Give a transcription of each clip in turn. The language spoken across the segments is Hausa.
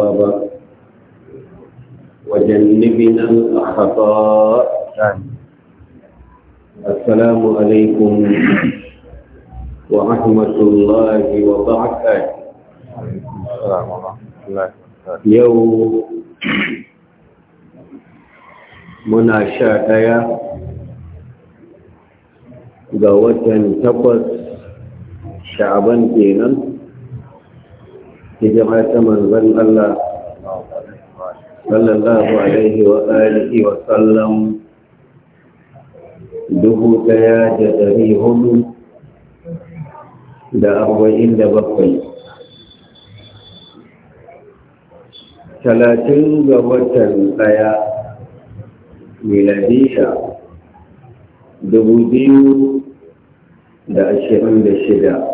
الأسباب وجنبنا الأخطاء نعم. السلام عليكم ورحمة الله وبركاته السلام ورحمة الله وبركاته يوم مناشاتا ga watan takwas sha'aban kenan hidima ta manzon Allah sallallahu alaihi wa alihi wa sallam dubu daya da dari hudu da arba'in da bakwai talatin ga watan daya miladiya dubu biyu da ashirin da shida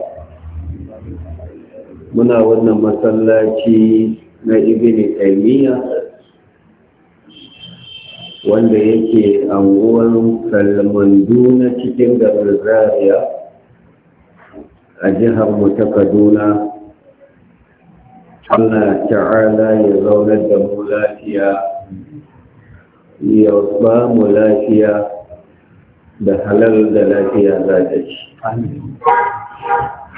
muna wannan masallaci na ibini taimiyya wanda yake anguwar salmandu na cikin gabar zariya a jihar mu ta kaduna allah ta'ala ya zaunar da mu lafiya ya ba mu lafiya da halal da lafiya za ta ci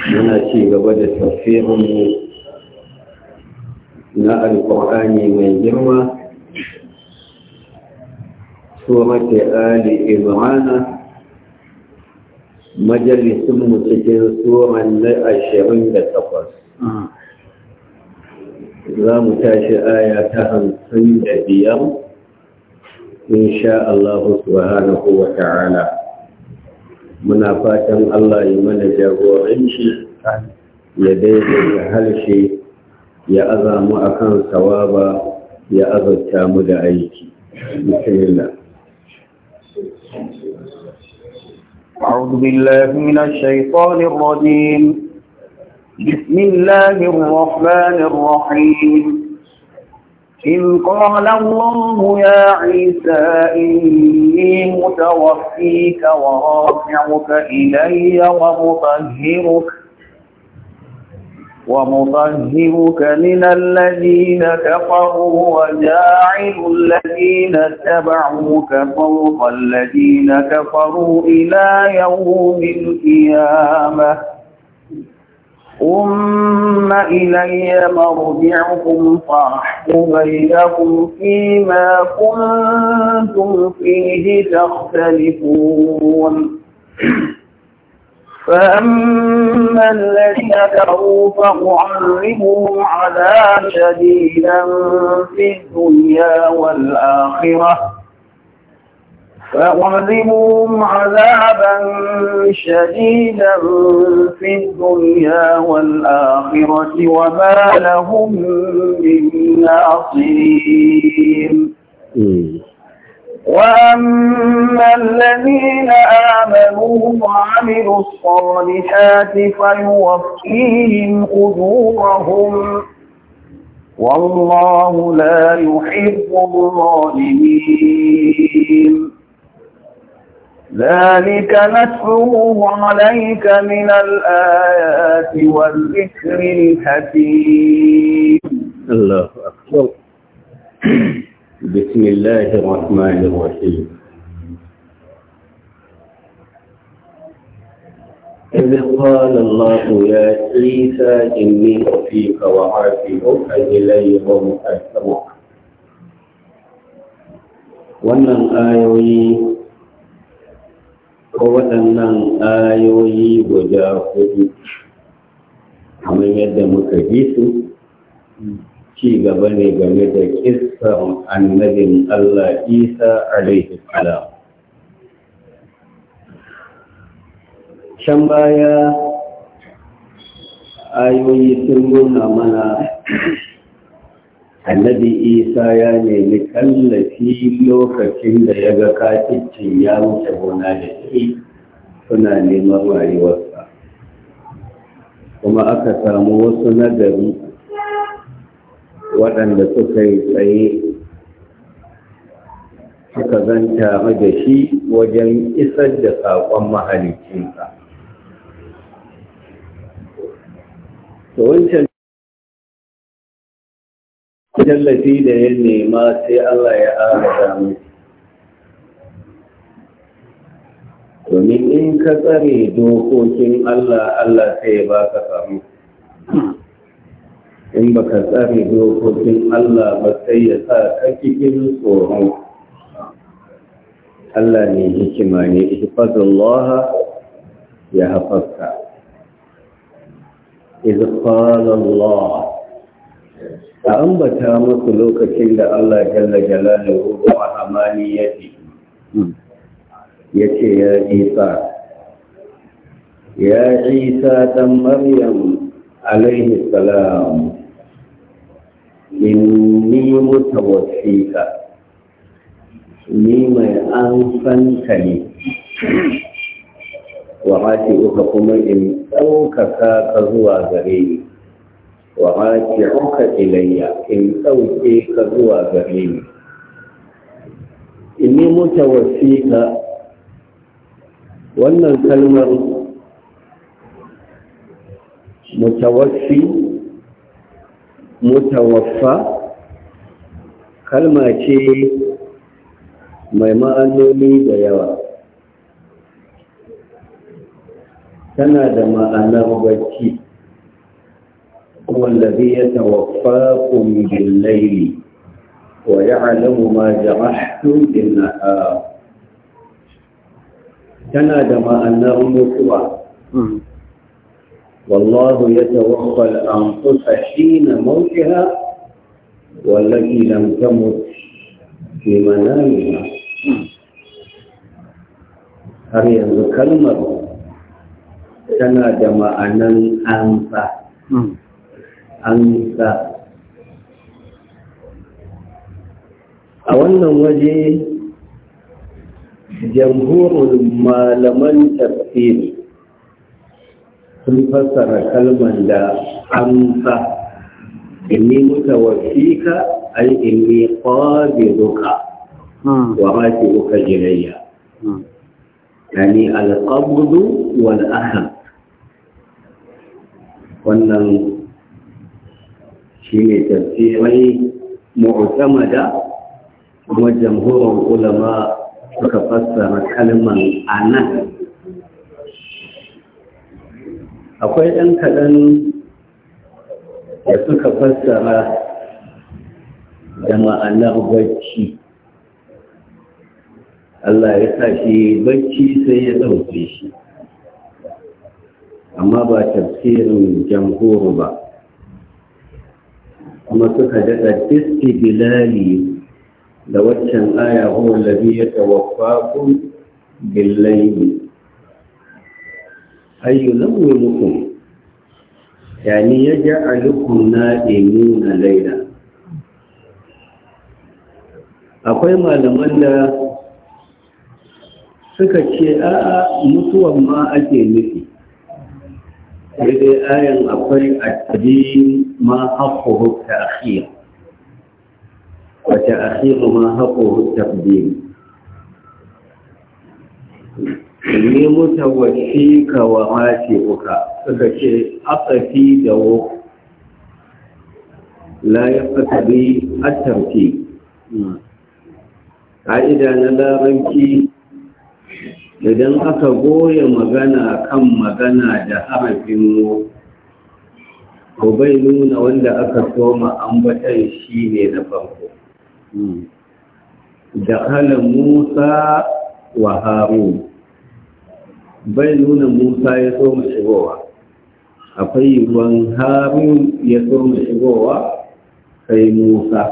muna ci gaba da tafiyarmu na alkur'ani mai girma surat ali imrana majalisun mu cikin tsoron na ashirin da takwas za mu tashi aya ta hamsin da biyar in sha Allah subhanahu wa ta'ala muna fatan Allah ya mana jagoranci ya daidaita harshe ya aza mu akan sawaba ya azurta mu da aiki bismillah أعوذ بالله من الشيطان الرجيم بسم الله الرحمن الرحيم إذ قال الله يا عيسى إني متوفيك ورافعك إلي ومطهرك ومطهرك من الذين كفروا وجاعل الذين اتبعوك فوق الذين كفروا إلى يوم القيامة ثم إلي مرجعكم فأحكم بينكم فيما كنتم فيه تختلفون فأما الذين كفروا فأعرضهم على شديدا في الدنيا والآخرة فأعذبهم عذابا شديدا في الدنيا والآخرة وما لهم من ناصرين وأما الذين آمنوا وعملوا الصالحات فيوفيهم أجورهم والله لا يحب الظالمين ذلك نتلوه عليك من الآيات والذكر الحكيم الله أكبر بسم الله الرحمن الرحيم إذ قال الله يا عيسى إني أوفيك وعافيك إلي ومؤثرك ومن ayoyi ko waɗannan ayoyi guda hudu kamar yadda muka ji su ci gaba ne game da kisan annabin Allah Isa alaihi salam can baya ayoyi sun nuna mana annabi isa ya nemi tallafi lokacin da ya ga katicin ya wuce gona da shi suna neman rayuwarsa kuma aka samu wasu nagari waɗanda suka yi tsaye suka zanta da shi wajen isar da saƙon mahalicinsa. wancan tallafi da ya nema sai Allah ya agaza mai domin in ka tsare dokokin Allah Allah sai ya baka samu in baka tsare dokokin Allah ba sai ya sa ka cikin tsoro Allah ne hikima ne ihfazullaha ya hafazka iz qala Allah a ambata muku lokacin da Allah jalla jalaluhu wa rahmani yake yace ya Isa ya Isa dan Maryam alaihi salam inni mutawaffika ni mai an fanta ne wa uka kuma in ɗaukaka ka zuwa gare ni wa raji'uka ilayya in ɗauke ka zuwa gare ni inni mutawaffika wannan kalmar mutawaffi mutawaffa kalma ce mai ma'anoni da yawa tana da ma'anar bacci هو الذي يتوفاكم بالليل ويعلم ما جرحتم بالنهار تنادى ما أنه مطوى والله يتوفى الأنفس حين موتها والتي لم تمت في منامها har yanzu kalmar tana da ma'anan an annisa a wannan waje jamhurin malaman tafsiri sun fassara kalmar da amsa inni muka wasika ai inni qabiduka hmm. wa raji'uka ilayya hmm. yani al-qabdu wal wannan shi ne tafsirai mu'tamada kuma jamhurin ulama suka fassara kalman anan akwai ɗan kaɗan da suka fassara da ma'anar bacci Allah ya sa shi bacci sai ya ɗauke shi amma ba tafsirin jamhuru ba kuma suka daɗa bilali da waccan aya huwa labi ya tawaffakun ya ayyu nawwimukum na emu na laida. akwai malaman da suka ce a'a mutuwan ma ake nufi sai dai ayan akwai addin ma haƙuhu ta'khir wa ta'khir ma ta taqdim ne mutawaffika wa uka suka ce asafi da wo la yaqtabi at na idan aka goya magana kan magana da harafin mu ko bai nuna wanda aka soma ambatan shi ne na farko da halin musa wa harun bai nuna musa ya soma shigowa akwai yiwuwan harun ya soma shigowa sai musa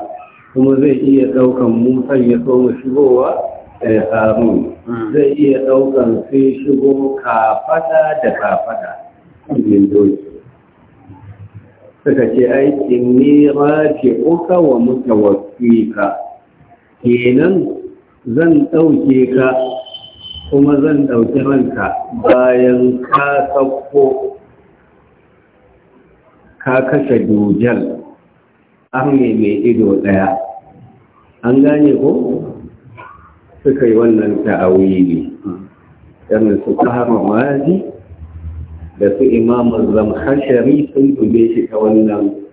kuma zai iya ɗaukan musan ya soma shigowa harun hmm. zai iya ɗaukan sai shigo kafada da kafada cikin doki suka ce aikin ne rafi uka wa mutawaffika kenan zan ɗauke ka kuma zan ɗauki ranka bayan ka sauko ka kashe dujal an mai ido ɗaya an gane ko suka yi wannan ta'awili yana su kahama mazi da su imamun zamhashari sun dube shi ta wannan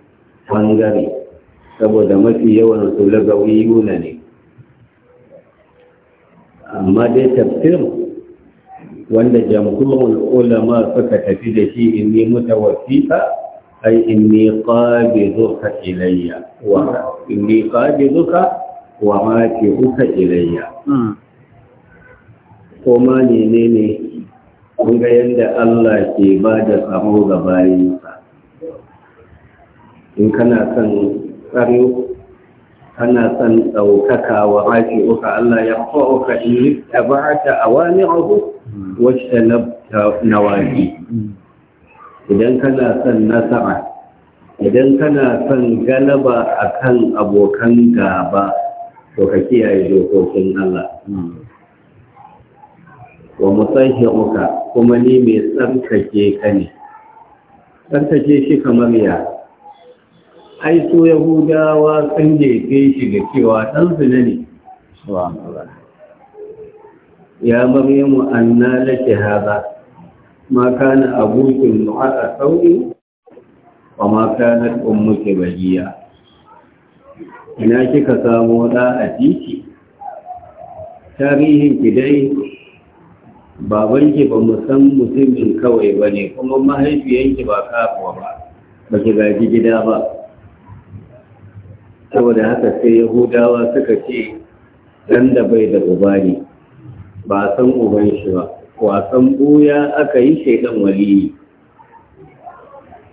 bangare saboda mafi yawan su lagawi yuna ne amma dai tafsir wanda jamhurin ulama suka tafi da shi in yi wasiƙa, ai in inni qabiduka ilayya wa inni ka. wa ma ke uka ilayya hmm. ko ma ne ne ne kun ga yadda Allah ke ba da samu ga bayinsa? in kana son tsaro kana son ɗaukaka wa ke uka Allah ya uka in ta ba ta a wani abu wacce na wani idan kana son nasara idan kana son galaba akan abokan gaba to ka kiyaye dokokin Allah wa mutahhiruka kuma ni mai tsarkake ka ne tsarkake shi kamar ya ai so yahudawa sun jefe shi da cewa dan na ne ya maryamu anna laki hadha ma kana abuki mu'aqa sauri. wa ma kanat ummuki bajiya. ina kika samo ɗa a titi tarihin ki dai babanki ba san mutumin kawai ba ne kuma mahaifiyanki ba kafuwa ba ba ki gaji gida ba saboda haka sai yahudawa suka ce dan da bai da uba ne ba san uban shi ba wasan buya aka yi shaidan waliyi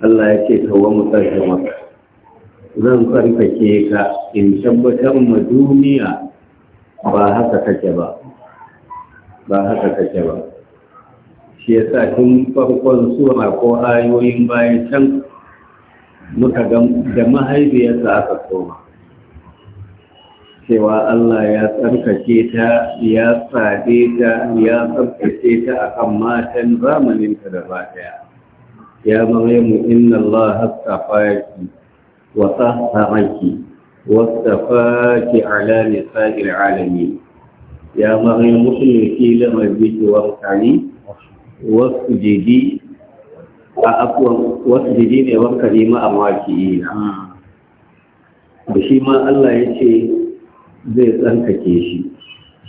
Allah ya ce tawa mu da maka zan farfake ka in tabbatar ma duniya ba haka kake ba ba haka kake ba shi yasa tun farkon sura ko ayoyin bayan can muka ga da mahaifiyarsa aka koma cewa Allah ya tsarkake ta ya tsade ta ya tsarkake ta akan matan zamaninta da ba ya ya maryamu inna Allah hasta fayaki وطهرك واصطفاك على نساء العالمين يا مريم اخلقي لما جئت واركعي واسجدي wasjidi ne wanka nema a mawaki da shi ma Allah ya ce zai tsankake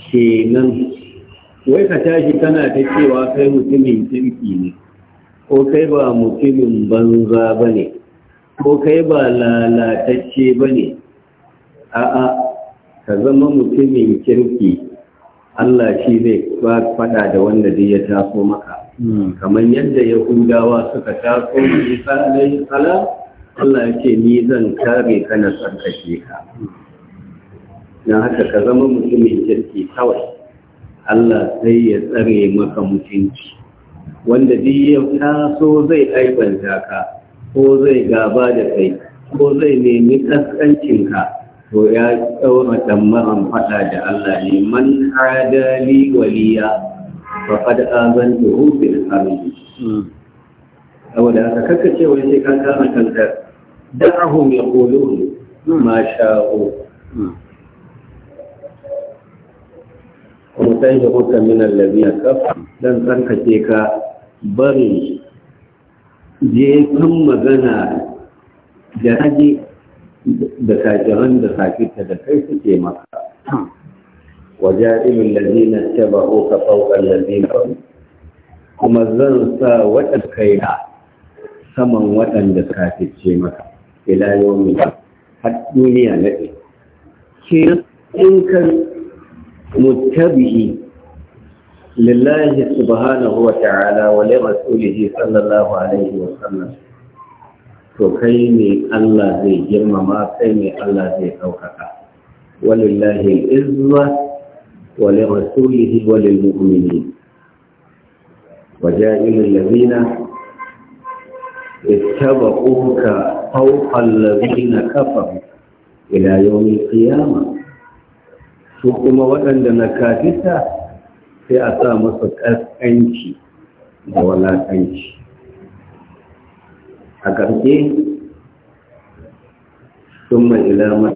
shi kenan wai ka tashi tana ta cewa kai mutumin kirki ne ko kai ba mutumin banza ba ne ko kai ba lalatacce ba ne a'a ka zama mutumin kirki Allah shi zai faɗa da wanda zai ya taso maka hmm. kamar yadda yahudawa suka taso isa alaihi salam Allah ya ce ni zan kare ka na tsarkake ka don haka ka zama mutumin kirki kawai Allah sai ya tsare maka mutunci wanda duk ya taso zai aibanta ka ko zai gaba da kai ko zai nemi kaskancinka to ya tsaura tamaran fada da Allah ne man hadali waliya fa qad azantuhu bil harbi saboda haka kaka ce wai sai ka kama kanta da'ahum yaqulun ma sha'u mutai da hukumin allazi ya kafa dan kace ka bari je kan magana da haji da kajiran da sakita da kai suke maka وجائل الذين اتبعوك فوق الذين kuma zan sa waɗanda kai na saman waɗanda kafice maka ila yomi har duniya na ɗin ke in kan mutabihi lillahi سبحانه وتعالى ولرسوله صلى الله عليه sallallahu alaihi wa sallam to kai ne Allah zai girmama kai ne Allah zai ɗaukaka walillahi al-izza wa li rasulihi wa lil mu'minin الذين اتبعوك فوق الذين كفروا إلى يوم su kuma waɗanda na kafita sai a sa masa ƙasƙanci da walaƙanci a ƙarfe? sun mai ilamar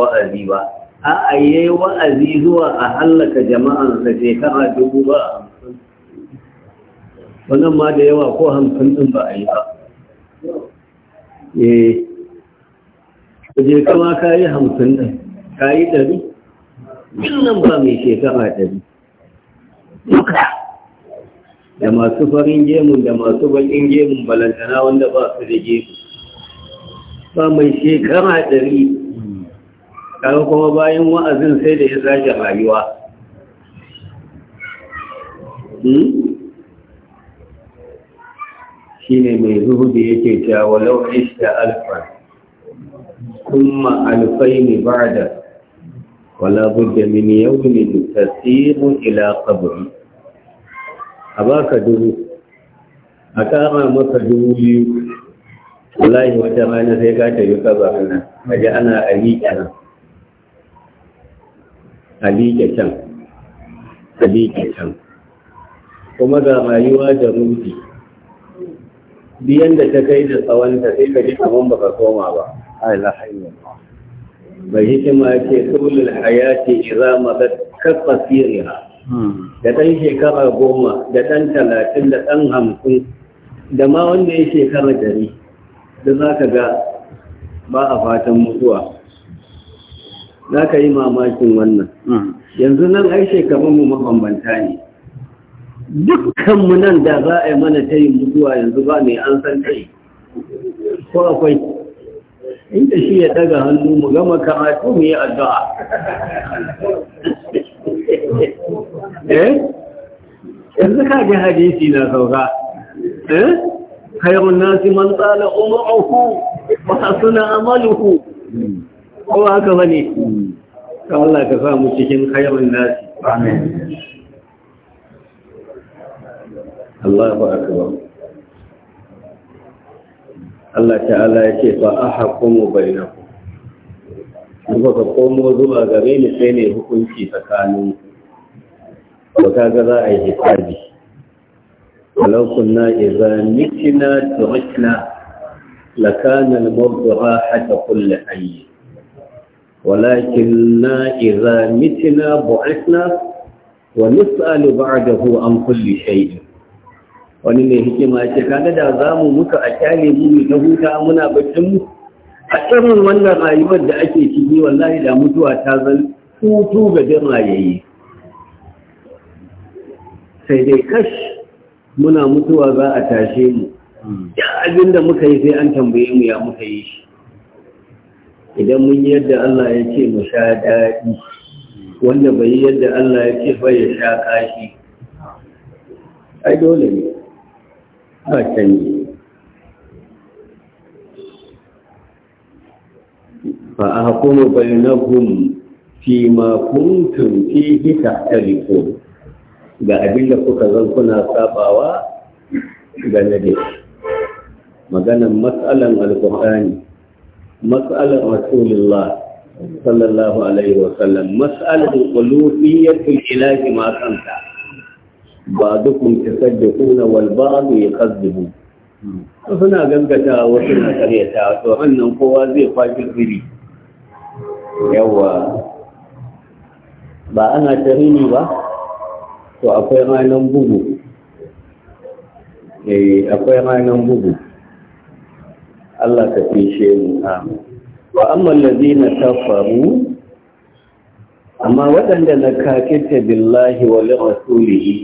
wa'azi ba a yi wa'azi zuwa a hallaka jama'ansa shekara dubu ba a hamsin. wannan ma da yawa ko hamsin ɗin ba a yi ba eh je kama ka yi hamsin ɗin ka yi ɗari nan ba mai shekara ɗari duka da masu farin gemun da masu baƙin gemun balantana wanda ba su da gemu ba mai shekara ɗari kaga kuma bayan wa'azin sai da ya sake rayuwa hmm? shi ne mai zuhu da yake ta walau ishta alfa kuma alfai ne ba da wala budda min yawmin tasiru ila qabri a dubu a maka dubu biyu wallahi wata rana sai ka tafi kaza nan maji ana a riƙe nan a can a can kuma ga rayuwa da rufi biyan da ta kai da tsawonta sai ka ji kamar baka koma ba ala hanyar bai hikima ce tulul hayati idza madat kasfasiriha hmm. da ɗan shekara goma da ɗan talatin da ɗan hamsin da ma wanda ya shekara dari da za ka ga ba a fatan mutuwa za ka yi mamakin wannan hmm. yanzu nan ai shekarun mu mabambanta ne dukkanmu nan da za a yi mana ta yin mutuwa yanzu ba mai an san kai ko akwai inda shi ya daga hannu mu gama kamata mu yi addu'a eh yanzu ka ga hadisi na sauka eh khayrun nasi man tsala umruhu wa hasuna amaluhu hmm. ko haka bane ka Allah ka samu cikin khairun nasi amin Allahu akbar Allah ta'ala ya ce fa ahkumu bainakum kuma ka komo zuwa gare ni sai ne hukunci tsakanin ku ka ga za a yi hisabi walau kunna idza mitna turakna lakana al-mawdu'a hatta kulli hayy ولكننا إذا متنا بعثنا ونسأل بعده عن كل شيء wani mai hikima ce kaga da za mu muka a kyale mu ta huta muna bakin mu a irin wannan rayuwar da ake ciki wallahi da mutuwa ta zan hutu ga jin rayayi sai dai kash muna mutuwa za a tashe mu ya abinda muka yi sai an tambaye mu ya muka yi shi idan mun yi yadda Allah ya ce mu sha daɗi wanda bai yi yadda Allah ya ce bai sha kashi ai dole ne ba canji bai na gun fi ma hita ta riko ga abin da kuka zan kuna sabawa ga da maganan matsalan alƙur'ani matsalar rasulullah sallallahu alaihi wa wasallam matsalar qulubiyatul ilahi ma kanta ba'dukum tasaddiquna wal ba'd yakazzibu suna gangata wasu na karyata to wannan kowa zai kwashi zuri yawa ba ana tarihi ba to akwai ranan bugu eh, akwai ranar bugu Allah ka fishe mu wa amma ta faru. amma waɗanda na ta billahi wa li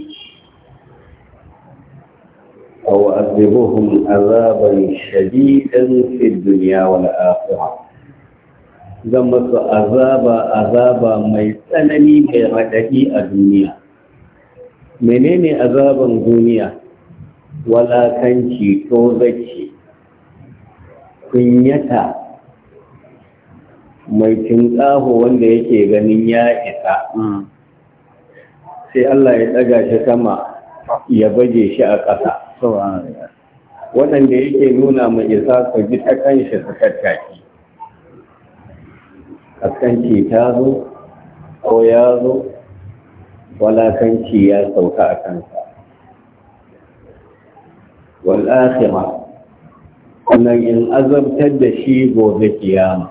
A aw azabar azaban shadidan fi duniya wa la'afuwa zan masu azaba azaba mai tsanani mai raɗaɗi a duniya menene azaban duniya walakanci ko zace kunyata mai tinƙaho wanda yake ganin ya isa mm. sai Allah ya ɗaga shi sama ya baje shi a ƙasa waɗanda yake nuna mai isa su ji ta kanshi su tattaki kaskanci ta zo ko ya zo walakanci ya sauka a kansa wal'akhirah sannan in azabtar da shi gobe kiyama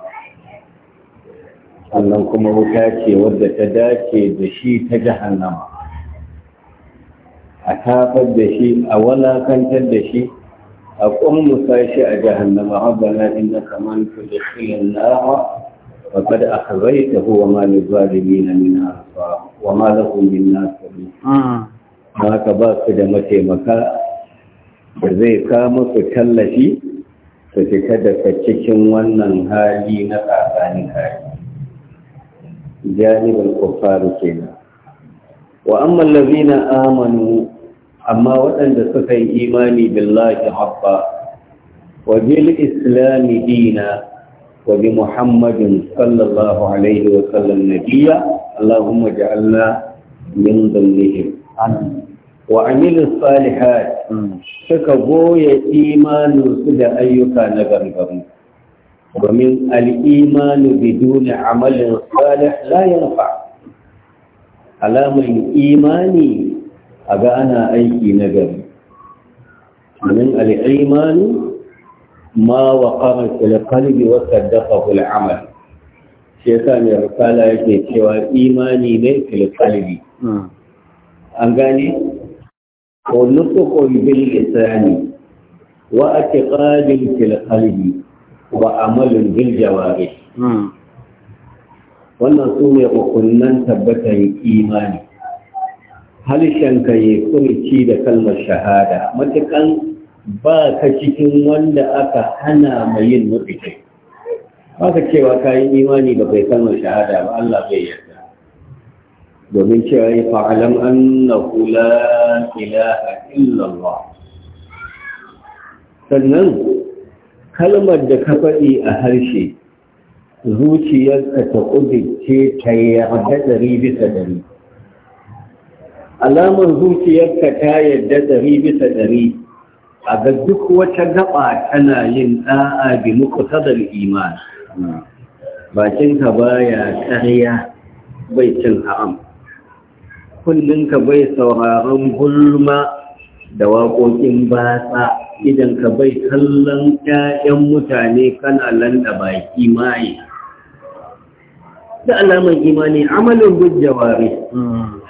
sannan kuma wuta ce wadda ta dace da shi ta jahannama a tafar da shi a walakantar da shi a ƙunmusa shi a jahannama habbala inda kaman tudkhilin nara فقد أخذيته وما للظالمين من أنصار وما لهم من ناصرين haka ba su da mataimaka da zai kama su tallafi su fita daga cikin wannan hali na tsakanin hali janibin kuffaru kenan wa amma allazina amanu amma waɗanda suka yi imani billahi habba wa bil islami dina wa bi muhammadin sallallahu alaihi wa sallam Nabiya, allahumma ja'alna min dhammihim wa amilu salihat hmm. suka imanin imaninsu da ayyuka na gangamu domin al'imanu biduni amalin salih layan fa alamun imani a ga ana aiki na gari domin al'imanu ma wa ƙarar filkalibi wata dafa amal shi ya sami rikala yake cewa imani ne filkalibi hmm. an gane ونطق باللسان واعتقاد في القلب وعمل بالجوارح wannan su ne ukunnan tabbatar imani halishen ka yi furici da kalmar shahada matukan ba ka cikin wanda aka hana mai yin mutukai ba ka cewa kayan imani da kai kalmar shahada ba Allah bai yi. domin cewa yi fa'alan annahu ilaha illallah sannan kalmar da ka faɗi a harshe zuciyarka ta ƙudurce ta yarda ɗari bisa ɗari alamar zuciyarka ta yarda ɗari bisa ɗari a ga duk wata gaba tana yin ɗa'a bi muqtadal iman bakinka baya ƙarya bai cin haram ka bai sauraron gulma da waƙoƙin batsa idan ka bai kallon ƴaƴan mutane kana landa baki mai da alaman imani amalin hannun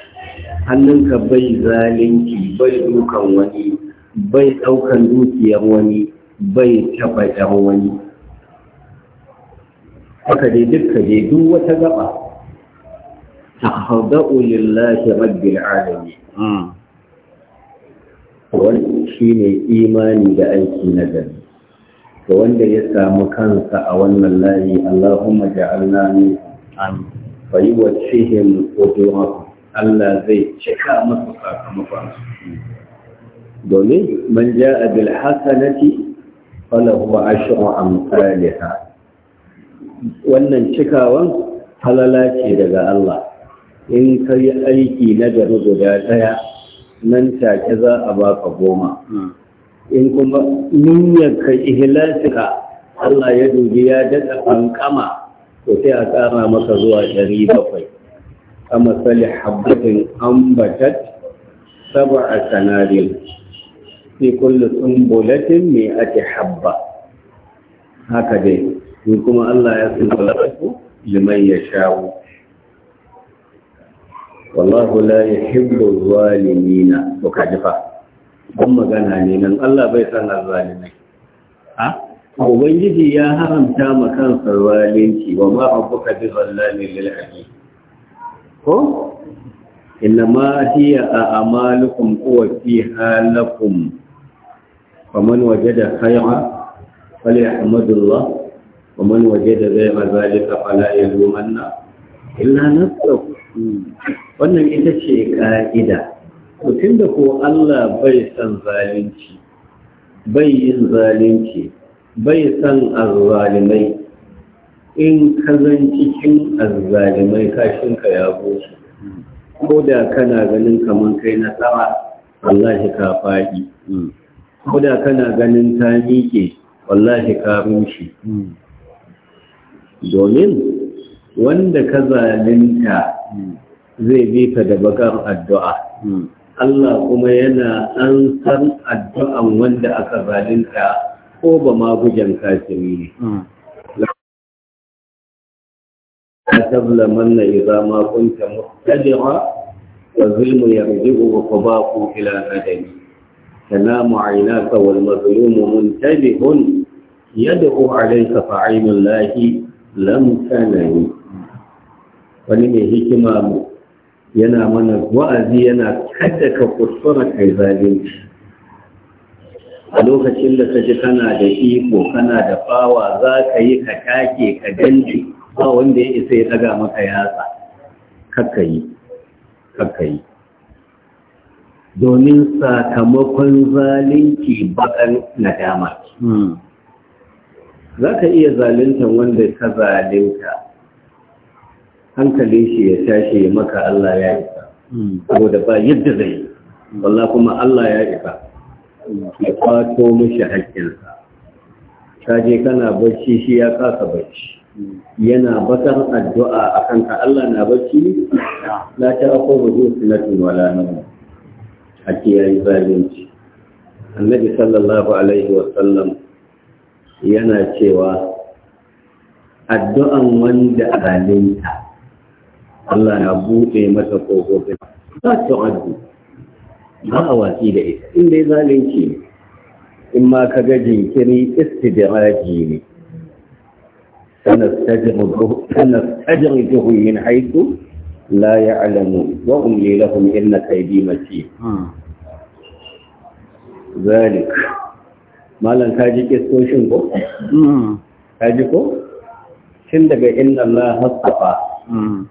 hannunka bai zalinki bai dukan wani bai ɗaukan dukiyar wani bai taɓa wani haka dai duk dai duk wata gaba أهدأ لله رب العالمين wani shi ne imani da aiki na gari ga wanda ya samu kansa a wannan layi Allahumma ja'alna min amin fa yi wa cihim ujura Allah zai cika masa sakamakon domin man ja'a bil hasanati falahu ashru amsalha wannan cikawan halala ce daga Allah in ka yi aiki na gari guda ɗaya nan take za a baka goma hmm. in kuma niyyar ka ihlasika Allah ya dubi ya daɗa ƙanƙama. to sai a ƙara maka zuwa ɗari bakwai a matsali habbatin ambatat saba a sanarin fi kullu sumbulatin mai ake habba haka dai in kuma Allah ya sun liman ya shawo wallahu la yuhibbu zalimina to ka jifa kun magana ne nan Allah bai san zalimai a ubangiji ya haramta ma kansa zalunci wa ma rabbuka bi zallamin lil abid ko inna ma hiya a'malukum huwa fiha lakum faman wajada khayra falyahmadullah ومن وجد غير ذلك فلا يلومن إلا نفسه wannan ita ce ka'ida mutum da ko Allah bai san zalunci bai yin zalunci bai san azzalimai in ka zan cikin azzalimai ka ya goce ko da kana ganin kamar kai na tsawa wallahi ka faɗi ko da kana ganin ta miƙe wallahi ka rushe hmm. domin wanda ka zalinta zai bi ka da bakar addu’a Allah kuma yana an san addu’an wanda aka zalinta ko ba magujan kasiri ne ya tabla manna iza makunta mustajira wa zulmu wa ku ba ku ila nadani kana mu'ayna ka wal mazlumu muntabihun yad'u alayka fa'aynu lam tanani wani mai hikima mu yana mana wa'azi yana kada ka kuskura kai zalunci a lokacin da ka ji kana da iko kana da fawa za ka yi ka take ka danji ba wanda ya isa ya daga maka yatsa kakka yi kakka yi domin sakamakon zalunci bakan nadama hmm. za ka iya zalunta wanda ka zalunta hankalin shi ya tashi maka Allah ya isa saboda ba yadda zai yi. walla kuma Allah ya isa ya kwato mishi haƙƙinsa ka je kana bacci shi ya kasa bacci yana bakar addu'a a kanka Allah na bacci la ta ako buhu sunatu wala nan a yi zalunci annabi sallallahu alaihi wa sallam yana cewa addu'an wanda zalunta Allah na buɗe mata ƙofofin za ta addu ba a watsi da ita in dai zalunci ne in ma ka ga jinkiri istidraji ne sanastajrijuhum min haiku la ya alamu wa umli lahum inna kaidi matin zalik malan ka ji kistoshin ko mm. ka ji ko tun daga inna la hasafa mm.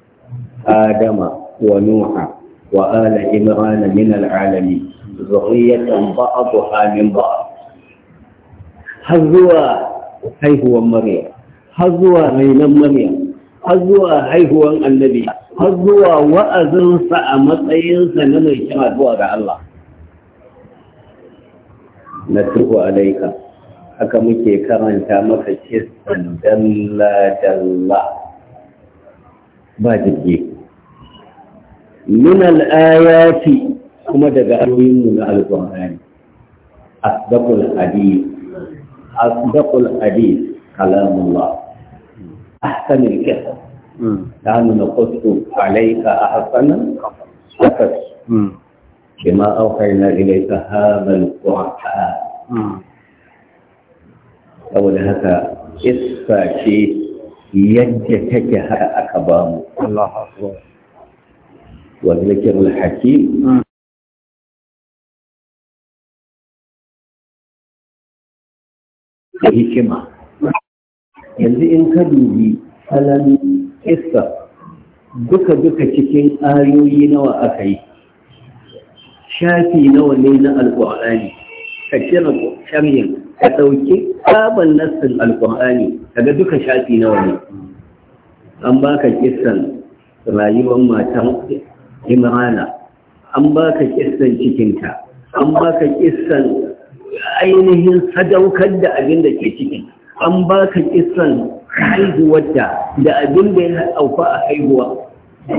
آدم ونوح وآل عمران من العالمين ذرية بعضها من بعض هزوا هيهوا مريم هزوا رينا مريم هزوا هو النبي وأذن وأذنسا أمطينسا نمي كما دعا الله نتلو عليك haka muke karanta maka kisan dalla-dalla ba jiki من الآيات كما تقالوا من القرآن أصدق الحديث أصدق الحديث كلام الله أحسن الكفر كان نقص عليك أحسن الكفر كما أوحينا إليك هذا القرآن أو لهك إسفاشي يجتك هذا أكبر الله أكبر وذكر الحكيم hikima yanzu in ka dubi salon kissa duka-duka cikin ayoyi nawa aka yi shafi nawa ne na alƙwa'ani ka kira sharhin ka ɗauki sabon nassin alƙwa'ani daga duka shafi nawa ne an baka kisan rayuwar matan imrana an baka kissan cikinta an baka kissan ainihin sadaukar da abin da ke cikin an baka kissan haihuwar da da abin da ya aufa a haihuwa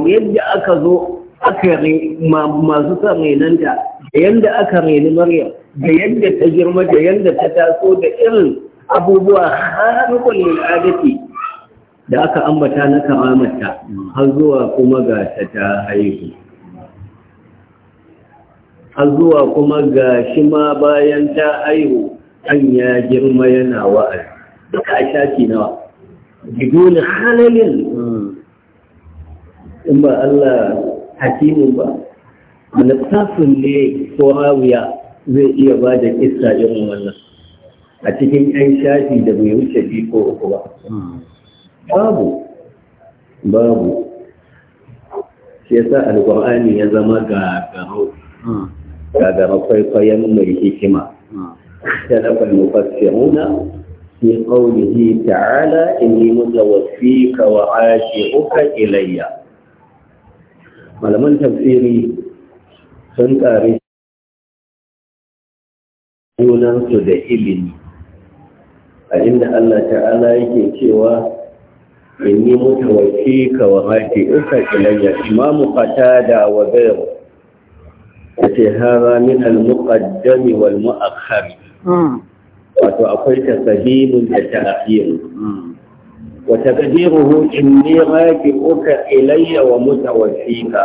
yadda aka zo aka masu sa renanta da yadda aka reni maryam da yadda ta girma da yadda ta taso da irin abubuwa har kullum adati da aka ambata na kamamata har zuwa kuma ga ta ta haihu har zuwa kuma ga shi ma bayan ta haihu an ya girma yana wa'ar duka a shafi nawa bidoni halalin in ba Allah hakimin ba manufafin ne ko hawiya zai iya ba da irin wannan a cikin 'yan shafi da bai wuce biyu ko uku ba babu babu shi yasa alƙur'ani ya zama gagarau kwaikwayon mai hikima اختلف المفسرون في قوله تعالى إني متوفيك uka ilayya. malaman tafsiri sun ƙari su da ilimi a inda Allah ta'ala yake cewa In inni mutawaffika wa raji'uka ilayya Imamu qatada wa Ya ce hada min al-muqaddam wal mu'akhkhar wato akwai tasahimul da ta ta'khir wa taqdiruhu inni uka ilayya wa mutawaffika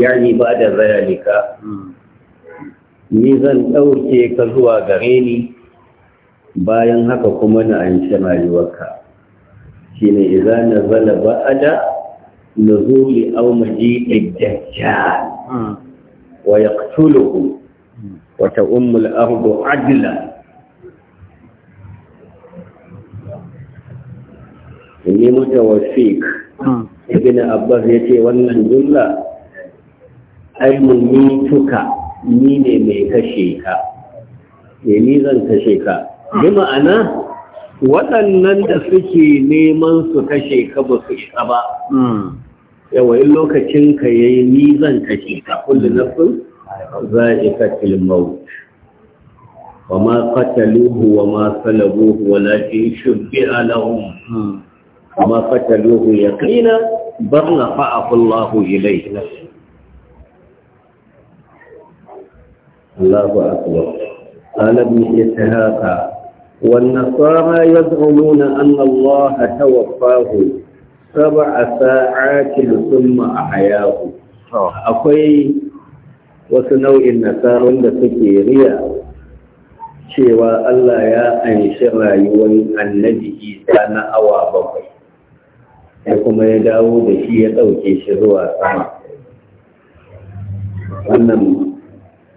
yani ba'da zalika ni zan dauke ka zuwa gare ni bayan haka kuma na anshi rayuwarka shine idza nazala ba'da nuzuli aw maji'i dajjal hmm. wa yaqtuluhu wa ta'ummu al-ardu adla inni mutawaffik hmm. ibn abbas yace wannan jumla ai mun tuka ni ne mai kashe ka ne eh, ni zan kashe ka bi ma'ana waɗannan da suke neman su kashe ka ba su isa ba hmm. yawa in lokacin ka yi ni zan kashe ka kullu yi za'iqatul maut wa ma qataluhu wa ma salabuhu walakin shubbi lahum hmm. wa ma qataluhu yaqina bal rafa'ahu Allah ilayhi Allahu akbar قال ابن haka. ya والنصارى يزعمون أن الله a سبع Akwai wasu nau'in nasarar da suke riya. cewa Allah ya anshi rayuwar annabi Isa na awa bakwai, ya kuma ya dawo da shi ya ɗauke shi zuwa sama. Wannan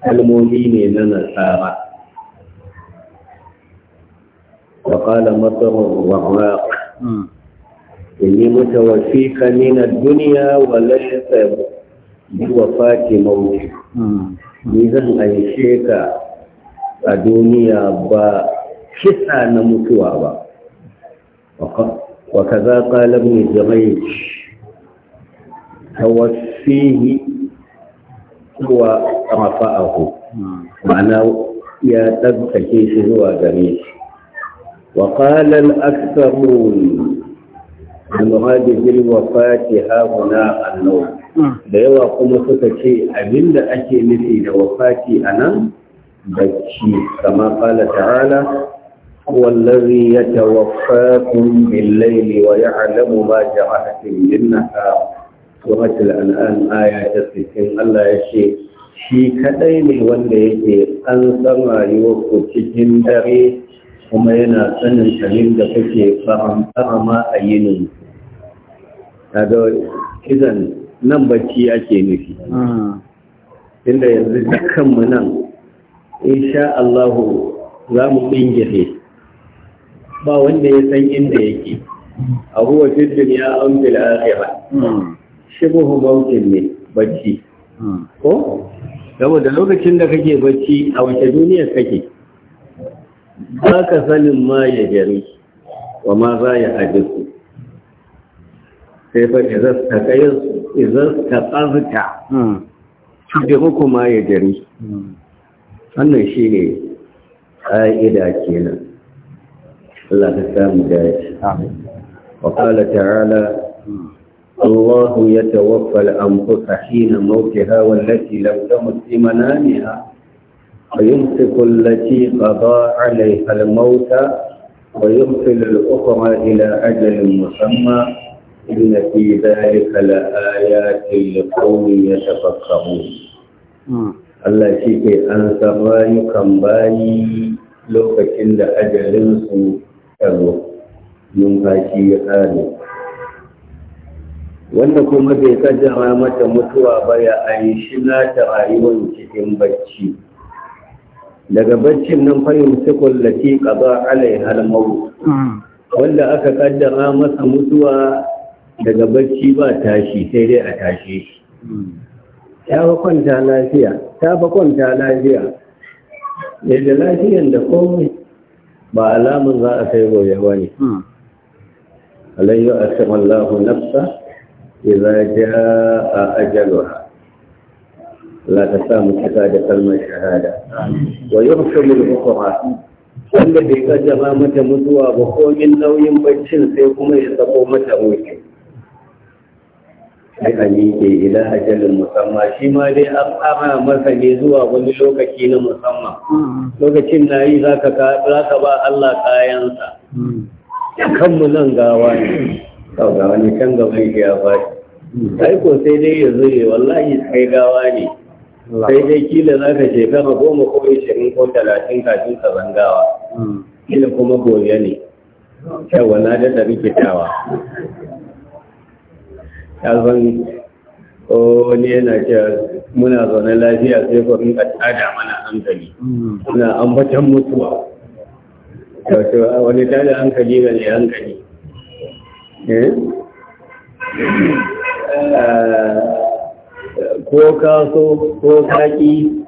kalmomi ne na nasara. وقال مطر الرعاق إني متوفيك من الدنيا ولست بوفاة موتي إذا أيشيك الدنيا با كسا نموتوا با وكذا قال ابن جريج توفيه هو رفعه معناه يا ɗaukake shi zuwa وقال الأكثرون wafati بالوفاة na النوم da yawa kuma suka ce abinda ake nufi da wafati a nan bacci kama kala ta'ala wallazi ya tawaffakum bil laili wa ba ma jarahtum bin nahar suratul an'am aya ta 60 Allah ya ce shi kadai ne wanda yake an san rayuwar ku cikin dare kuma yana sanin abin da kake ma a yinin kaga kidan nan bacci ake nufi inda yanzu da kanmu nan insha Allahu za mu ɗingife ba wanda ya san inda yake Abuwa huwa ya duniya an bil akhirah shibuhu mawqin ne bacci ko saboda lokacin da kake bacci a wace duniya kake ba ka sanin ma ya gari wa ma za ya haji su sai fa izas ka tsarka cuɗe muku ma ya gari wannan shi ne ƙa'ida nan. Allah ta samu daya wa ƙala ta'ala Allah ya tawaffa al’amfu sahi na mauke hawa lati lafta musulmana ne ha ويمسك التي قضى عليها الموت ويرسل الأخرى إلى أجل مسمى إن في ذلك لآيات لقوم يتفكرون Allah shi ke an san rayukan bayi lokacin da ajalinsu tsaro haƙi ya ƙare. Wanda kuma bai kaddara mata mutuwa ba ya an shi nata rayuwar cikin bacci. daga baccin nan fayin sukun lati qada alaiha al hmm. wanda aka kaddara masa mutuwa daga bacci ba tashi sai dai a tashi shi ta fa kwanta lafiya ta fa kwanta lafiya da lafiyan da komai ba alamun za a sai gobe ba ne hmm. alayyu asamallahu nafsa idza jaa ajaluha لا تسام شهادة الشهادة ويغفر للأخرى wanda bai kaddama mata mutuwa ba komin nauyin baccin sai kuma ya sako mata wuce sai a miƙe ila ajalin musamman shi ma dai an tsara masa ne zuwa wani lokaci na musamman lokacin na yi za ka ba Allah kayansa kanmu nan gawa ne sau ga wani can gaban shi ya fashi sai sai dai ya zure wallahi sai gawa ne sai dai kila za ka shekara goma ko ishirin ko talatin kafin ka zangawa hmm. kila kuma gobe ne yawa na da rikitawa ya zan wani yana cewa muna zaune lafiya sai ko rinka tada mana hankali hmm. muna ambatan mutuwa wani tada hankali ga ne hankali eh, eh ko ka so ko kaƙi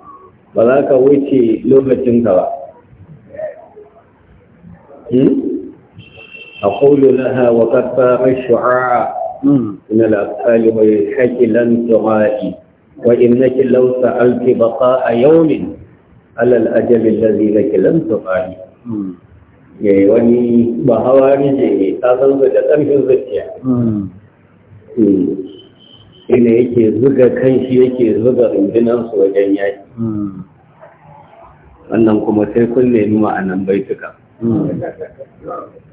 ba za ka wuce ka ba. a kulu na ha wa ƙasa mai shu'ara ina lafali mai haƙi lan tuwa'i wa in nake lausa alfi baka a yaunin alal ajalin da zai na lan tuwa'i ya yi wani ba hawa ne ya yi ta zanzu da ƙarfin zuciya shine yake zuga kanshi yake zuga rundunansu wajen yaki wannan kuma sai kun nemi ma'anan baituka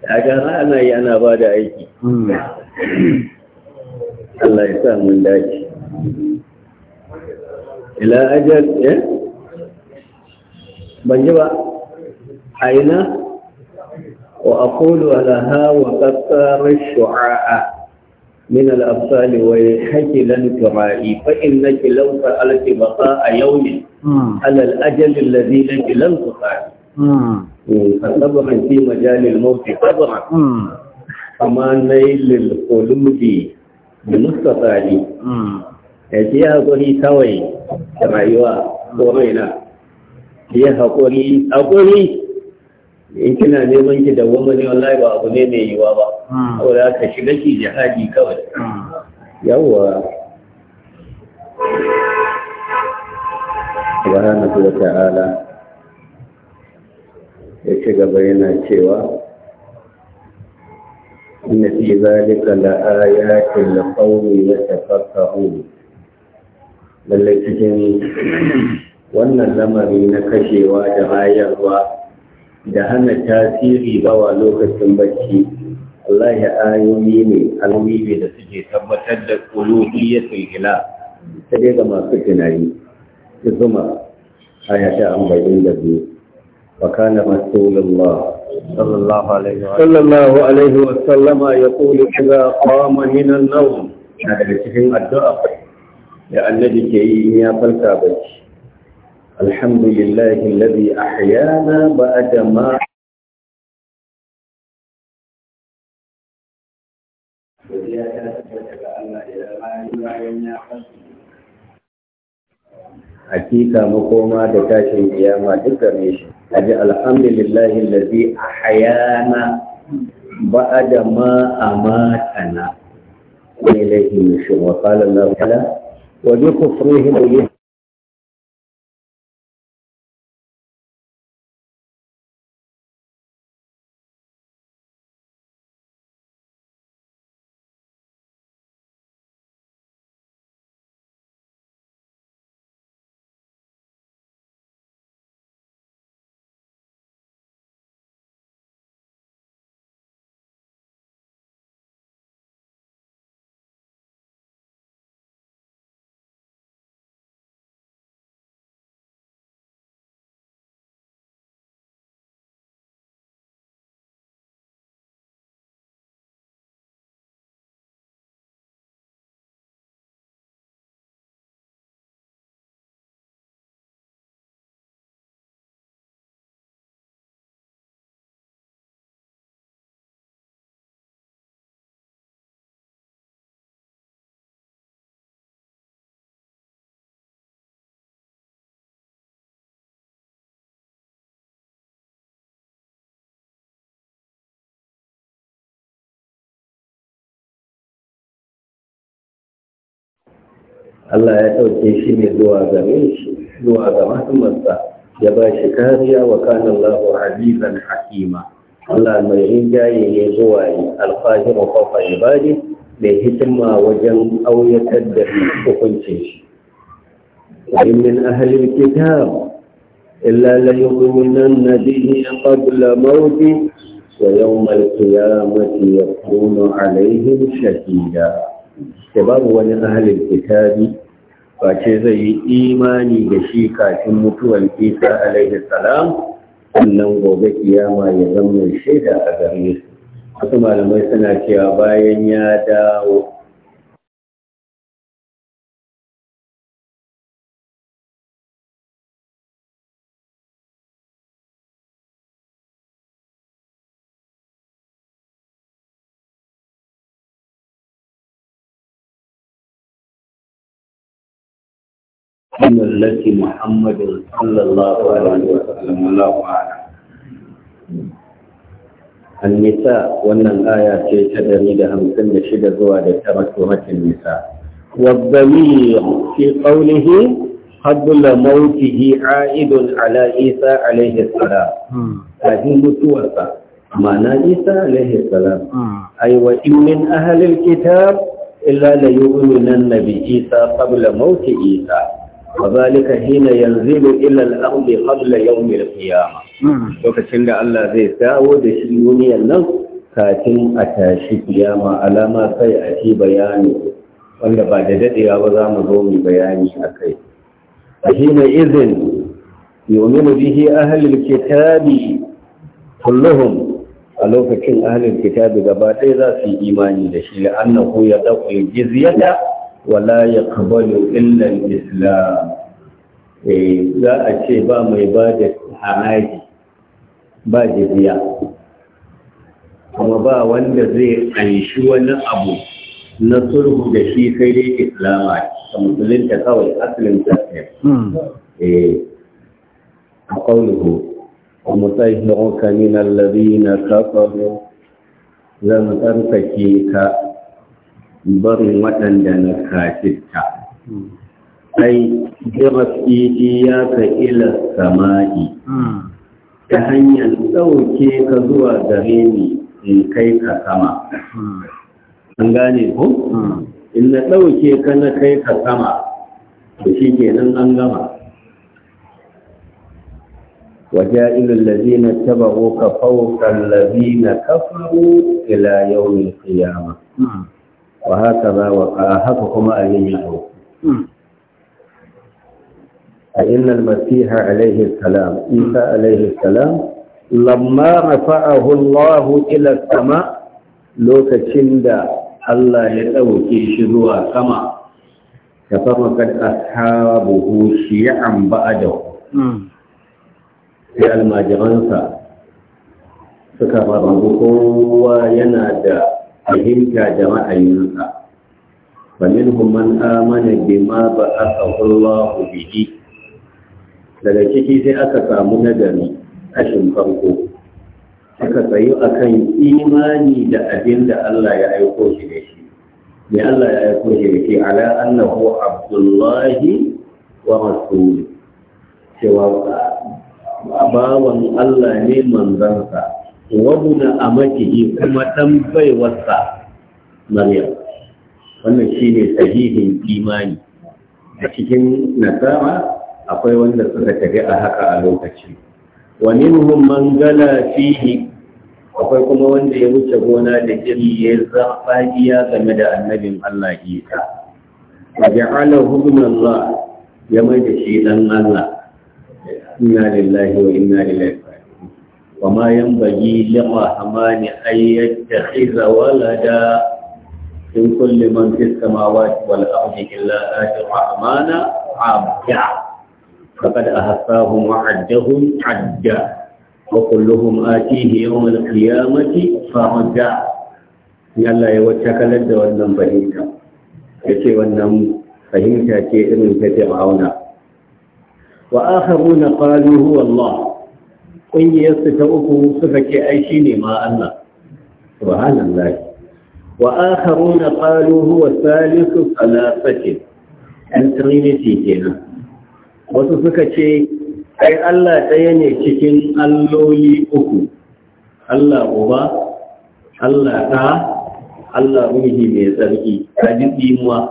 a gara ana yi ana ba da aiki Allah ya sa mun dace ila ajal eh ban ji ba aina wa aqulu ala ha wa qattara shu'a'a من الأبطال ويحكلن كرائي فإنك لو سألت بقاء يوم على الأجل الذي لك لم تقال فصبرا في مجال الموت صبرا أما نيل القلوب بمستطالي يجي أقولي سوي كما يوا قرينا يا أقولي أقولي in kina neman ki dawwama ne wallahi ba abu ne mai yiwa ba hmm. saboda ka shiga ki jihadi kawai hmm. yawwa subhanahu wa ta'ala ya ci gaba yana cewa inna fi zalika la ayatin la qawmi yatafakkarun lalle cikin wannan lamari na kashewa da bayarwa da hana tasiri bawa lokacin bacci Allah ya ayoyi ne alwibe da suke tabbatar da kulubiyyatul ila ta dai ga masu tunani su zuma aya ta ambayin da biyu Ba ka rasulullah sallallahu alaihi sallallahu alaihi wa sallama ya yaqulu idza qama min an Na daga cikin addu'a da annabi ke yi in ya farka bacci الحمد لله الذي أحيانا بعد ما حقيقة مقومة دكاشي قيامة دكاميش أجي الحمد لله الذي أحيانا بعد ما أماتنا إليه وقال الله تعالى ولكفره به Allah ya ɗauke shi ne zuwa game shi zuwa ga mahimmansa ya ba shi kariya wa kanin lahu hadisan hakima Allah mai rinjaye ne zuwa yi alfahi mafafa ibadi mai hikima wajen auyatar da hukuncin shi wani min ahalin kitab illa la yuminan nabihi qabla mawti wa yawmal qiyamati yakunu alaihim shahida da babu wani ahalin kitabi ce zai yi imani da shi kafin mutuwan isa alaihi salam sannan gobe kiyama ya zama shaida a gare su wasu malamai suna cewa bayan ya dawo من التي محمد صلى الله عليه وسلم لا النساء wannan aya ce ta dari da hamsin da shida zuwa da tara tuhatin nisa wadda fi qawlihi haddun da mawukihi a'idun ala isa alaihi sara a jin mutuwarsa ma na isa alaihi sara min ahalil kitab illa la na bi isa qabla mawuki isa وذلك حين ينزل إلى الأرض قبل يوم القيامة lokacin da Allah zai dawo da shi duniyar nan kafin a tashi kiyama alama sai a ci bayani wanda ba da dadewa ba za mu zo mu bayani a kai a hina izin yominu bihi ahlul kitabi kulluhum a lokacin ahlul kitabi gaba ɗaya za su yi imani da shi la'annahu ya dauki jizyata wala ya kabalu illan islam za ce ba mai ba da haraji ba jibiya kuma ba wanda zai anshi wani abu na sulhu da shi sai dai islama ta musulunta kawai asalin tafiya a ƙaunuhu a mutahirunka min allazina kafaru zan tsarkake ka barin waɗanda na kafirta ai jiras ya ka ila sama'i ta hanyar ɗauke ka zuwa gare ni in kai ka sama an gane ku? in na ɗauke ka na kai ka sama da shi kenan an gama taba ko وجائل na kafa فوق الذين yau إلى يوم القيامة wa haka za wa haka kuma a yi hau a innal masiha alaihi salam isa alaihi salam lamma rafa'ahu Allah ila sama lokacin da Allah ya dauke shi zuwa sama ya fama kad ashabuhu shi'an ba'dahu sai almajiransa suka fara kowa yana da fahimta da ra'ayinsa fa minhum man amana bima ba'athahu Allahu bihi daga ciki sai aka samu nagari kashin farko aka tsayu akan imani da abin da Allah ya aiko shi da shi ne Allah ya aiko shi da shi ala annahu abdullahi wa rasuluhu cewa bawan Allah ne manzansa wabuna a makihi kuma ɗan baiwarsa maryam wannan shi ne sahihin imani a cikin nasara akwai wanda suka tafi a haka a lokaci Wani minhum gala fihi akwai kuma wanda ya wuce gona da iri ya zafaɗiya game da annabin Allah Isa wa ja'ala hubna ya mai da shi ɗan Allah inna lillahi wa inna ilaihi wa ma yin bagi lima hamani ayyar da khiza wala da in kulle man fiska ma wa wal'abdi illa ake rahamana abya kakad a hasahun wa'adahun adda wa kulluhun ake yawon alkiyamati famada yalla ya wacce kalar da wannan fahimta ya ce wannan fahimta ce irin ta jama'auna wa aka muna faruwa Allah ƙungiyarsu ta uku suka ce ai shi ne ma Allah subhanallah wa akharuna qalu huwa salisu salasati an trinity kenan wasu suka ce ai Allah ɗaya ne cikin alloli uku Allah uba Allah ta, Allah ruhi mai tsarki ta ji tsimuwa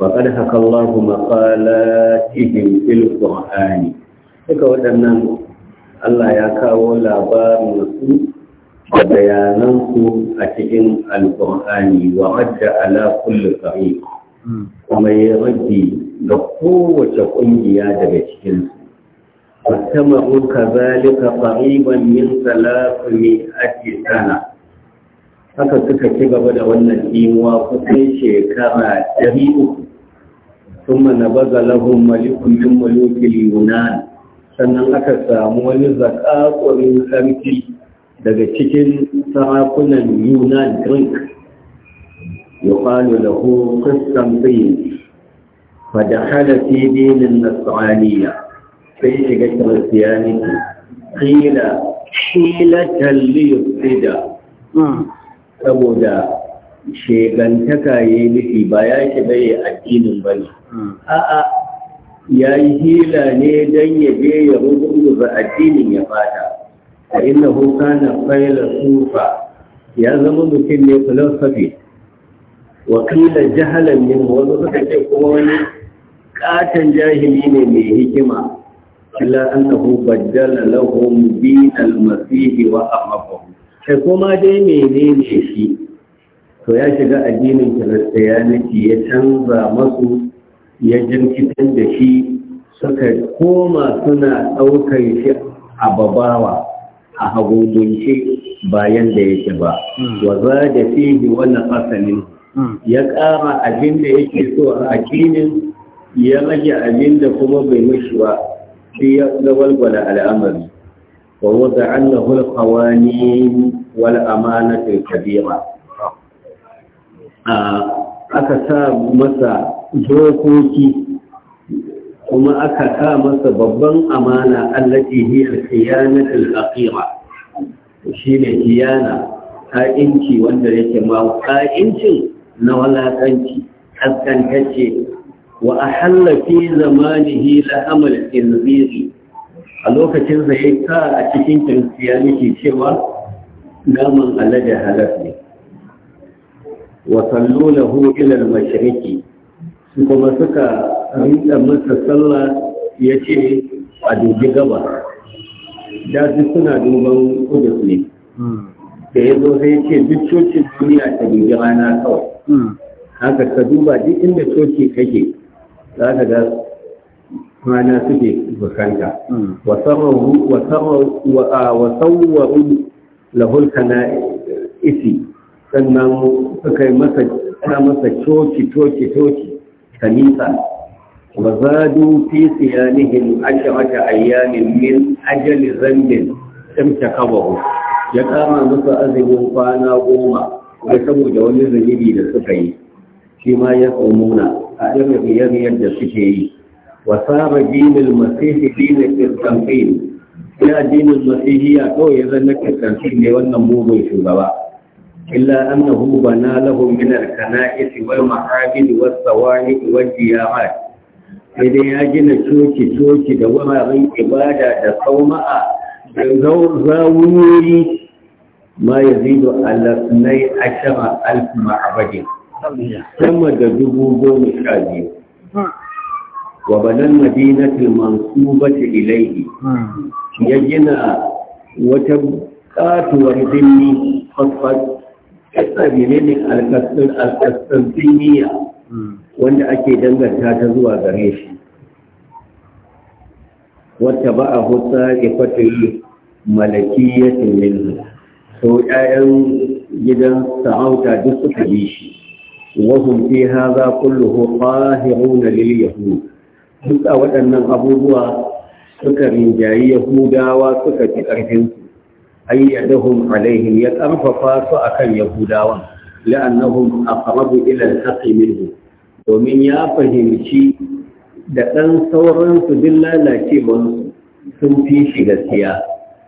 faƙar haka Allah maƙalatihim fil Qur'ani suka waɗannan Allah ya kawo labarin su da bayanansu a cikin alƙur'ani wa hajja ala kulli kuma ya rage ga kowace ƙungiya daga cikin su fastamaru yin qariban min salati ake sana haka suka ci gaba da wannan imuwa kusan shekara ɗari 300 ثم نبذ لهم ملك من ملوك اليونان sannan aka samu wani zakakurin sarki daga cikin sarakunan yunan drink da yuqalu lahu qistantin hada fi na nasraniya sai shiga kiristiyaniki kila kila talib sida hmm. saboda shegantaka yi nufi ba ya shiga addinin bane hmm. a'a ya yi hila ne don ya je ya rubuta addinin ya fata a inna huka na faila sufa ya zama mutum ne filosofi wakila jahalan min wasu suka ce kuma wani katon jahili ne mai hikima illa annahu baddala lahum din al-masih wa amahu sai kuma dai menene shi to ya shiga addinin kiristiyaniti ya canza masu ya jirkitar da shi suka koma suna ɗaukar shi a babawa a hagungunce bayan da yake ba hmm. wa za da fihi wani asalin hmm. ya ƙara abin da yake so a akinin ya rage abin da kuma bai mishi ba shi ya walwala al'amari wa wadda annahu al-qawani wal amanatu kabira ah. Ah, aka sa masa dokoki kuma aka sa masa babban amana allati hi al-khiyanatul Shi shine kiyana ka'inci wanda yake ma ka'incin na walakanci kaskantacce wa ahalla fi zamanihi la amal inziri a lokacin sa ya sa a cikin kiristiyani cewa naman alade halaf ne wa sallu lahu ila al-mashriqi kuma suka rinda masa sallah yace a dubi gaba da su suna duban kudus ne da ya zo sai yace duk cocin duniya ta dubi rana kawai haka ka duba duk inda coci kake za ka ga rana suke bukanta wa sauwaru lahul kana isi sannan suka yi masa ana masa coci coci coci kanisa wa zadu fi siyanihim asharata ayyamin min ajali zambin imtakabahu ya kama musu azumin kwana goma kuma saboda wani zanibi da suka yi shi ma ya tsomuna a irin biyar da suke yi wa saba dinin masihi dinin kirkanfin ya dinin ya kawai ya na kirkanfin ne wannan mugun shugaba إلا أنه بنى لهم من الكنائس والمعابد والصوانع والجيامات إذا يجن توشي توشي دوما من إبادة تصومع زاوي ما يزيد على اثني عشر ألف معبد ثم دبوا قوم شادي وبنى المدينة المنصوبة إليه يجن وتبقات وردني فصفت kasar menene alkastin alkastantiniya wanda ake danganta ta zuwa gare shi wata ba a husa ifatul malakiyyatin minhu so ƴaƴan gidan sa'auta duk suka bi shi wahum fi hadha kulluhu qahiruna lil yahud duk a waɗannan abubuwa suka rinjayi yahudawa suka ci ƙarfinsu ayyadahum alaihim ya karfafa su akan yahudawan la'annahum aqrabu ila al-haqqi minhu domin ya fahimci da dan sauran su din lalacewan sun fi shi gaskiya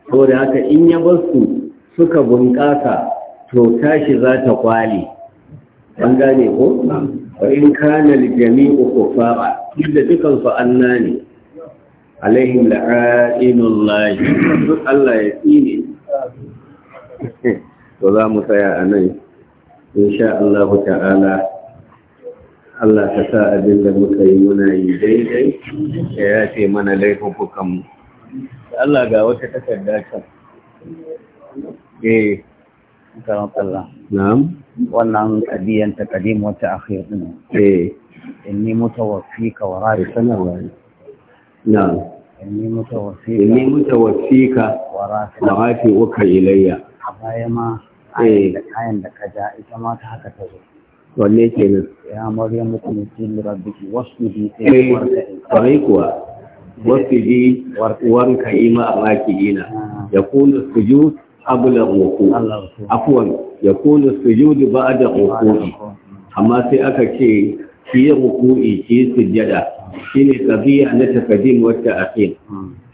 to da haka in ya bar su suka bunƙasa to tashi za ta kwale an gane ko wa in kana al-jami'u kufara duk da dukan su annani alaihim la'a'inullahi Allah ya tsine to za mu tsaya a nan insha Allah ta'ala Allah ka sa abin da muka yi muna yi daidai ya ce mana laifukan mu Allah ga wata takarda ta eh kan Allah na'am wannan kadiyan ta kadim wata akhir din eh inni mutawaffika wa rafi sanarwa na'am inni mutawaffika wa uka ilayya a baya ma eh. ayin da kaja ita ma ta haka ta zo wanne ke nan ya maryam mutum lura biki wasu bi sai eh, kuwa wasbi bi warka ima amakiina ah. yakunu sujud qabla ruku afwan yakunu sujud da ruku amma sai aka ce ki uku, ki sujada shine qadiya na taqdim wata ta'khir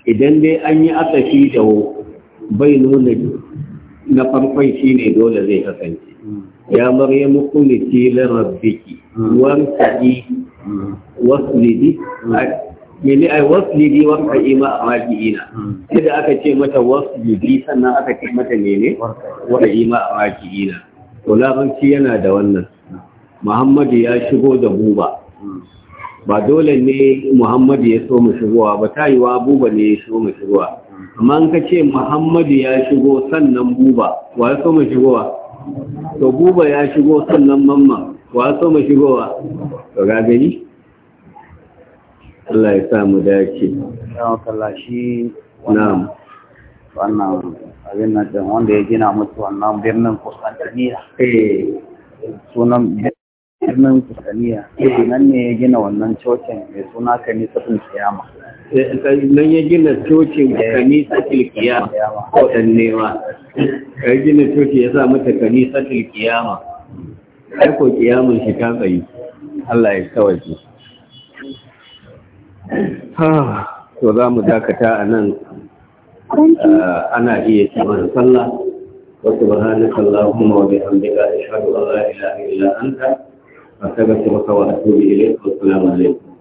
idan dai an yi shi da bai nuna na farkon ne dole zai kasance ya muku ne li rabbiki wani waslidi mene ai waslidi warqi ma amakiina da aka ce mata waslidi sannan aka ce mata mene warqi ma amakiina to labanci yana da wannan muhammadu ya shigo da buba ba dole ne muhammadu ya so mu shigowa ba ta yi wa buba ne ya so mu shigowa amma in ka ce muhammadu ya shigo sannan buba wa ya so mu shigowa to buba ya shigo sannan mamma wa ya so mu shigowa to ga gani Allah ya sa mu dace na'am wannan abin nan wanda ya gina mutu wannan birnin Constantinople eh. sunan birnin kusaniya yake eh, nan ne ya gina wannan cocin mai suna kanisatul kiyama eh, eh, nan ya gina cocin kanisatul kiyama nema. ma yi gina cocin ya sa mata kanisatul kiyama ko kiyamun shi ta tsayi Allah ya Ha, to za mu dakata a nan ana iya kiran sallah wasu subhanaka allahumma wa bihamdika ashhadu ya shaɗu Allah ya anta أتبت وأتوب إليك والسلام عليكم